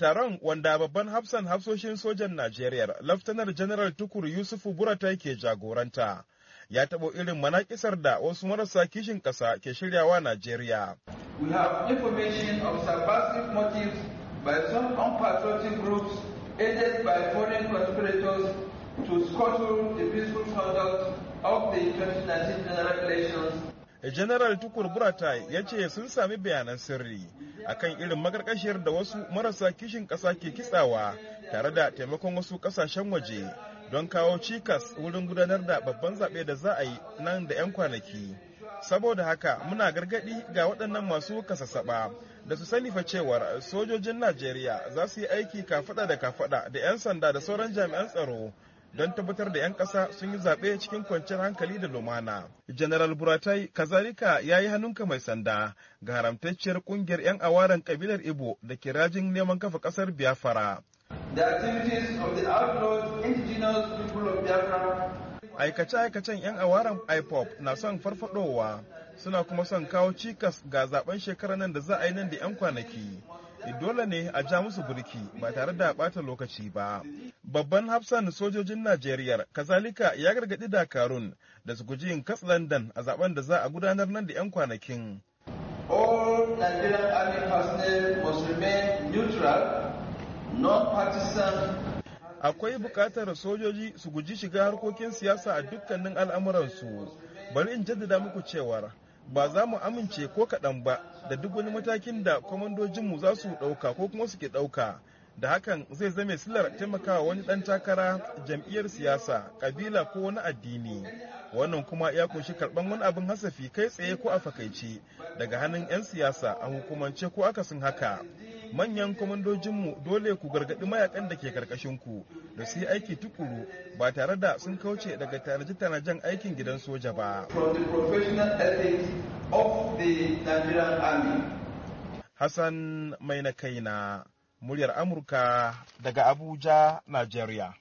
Taron wanda babban hafsan hafsoshin sojan Najeriya, Laftanar Janaral Tukur Yusufu Burata ke jagoranta, ya taɓo irin manakisar da wasu marasa kishin ƙasa ke shiryawa Najeriya. We have information of subversive motives by some unpatriotic groups aided by foreign conspirators to scuttle the peaceful conduct of the 2019 general elections. General Tukur Buratai ya ce sun sami bayanan sirri. akan irin makarkashiyar da wasu marasa kishin ƙasa ke kitsawa tare da taimakon wasu ƙasashen waje don kawo cikas wurin gudanar da babban zaɓe da za a yi nan da 'yan kwanaki. Saboda haka muna gargaɗi ga waɗannan masu kasassaɓa da su sani fa cewar sojojin Najeriya za su yi aiki kafaɗa da kafaɗa da 'yan sanda da sauran jami'an tsaro don tabbatar da 'yan ƙasa sun yi zaɓe cikin kwanciyar hankali da lumana. General Buratai Kazarika ya yi hannunka mai sanda ga haramtacciyar ƙungiyar 'yan awaren ƙabilar Ibo da ke rajin neman kafa ƙasar Biafra. aikace-aikacen 'yan awaren ipop na son farfadowa suna kuma son kawo cikas ga zaben shekarar nan da za a yi nan da 'yan kwanaki Eh, dole ne a ja musu burki ba tare da ɓata lokaci ba. Babban hafsan sojojin Najeriya kazalika ya gargaɗi Dakarun da su guji yin London a zaben da za a gudanar nan da 'yan kwanakin. All Nigerian army personnel must remain neutral, non-partisan akwai bukatar sojoji su guji shiga harkokin siyasa a dukkanin al'amuransu bari in jaddada muku cewar ba za mu amince ko kaɗan ba da duk wani matakin da kwamandojinmu za su ɗauka ko kuma suke ɗauka da hakan zai zame silar taimakawa wani ɗan takara jam'iyyar siyasa ƙabila ko wani addini wannan kuma ya kunshi karɓan wani abin hasafi kai tsaye ko a fakaici daga hannun 'yan siyasa a hukumance ko akasin haka manyan kwamandojinmu dole ku gargaɗi mayakan da ke ku da su yi aiki tukuru ba tare da sun kauce daga tanaje-tanajen aikin gidan soja ba. Hassan mai na kaina, muryar Amurka daga Abuja, Nigeria.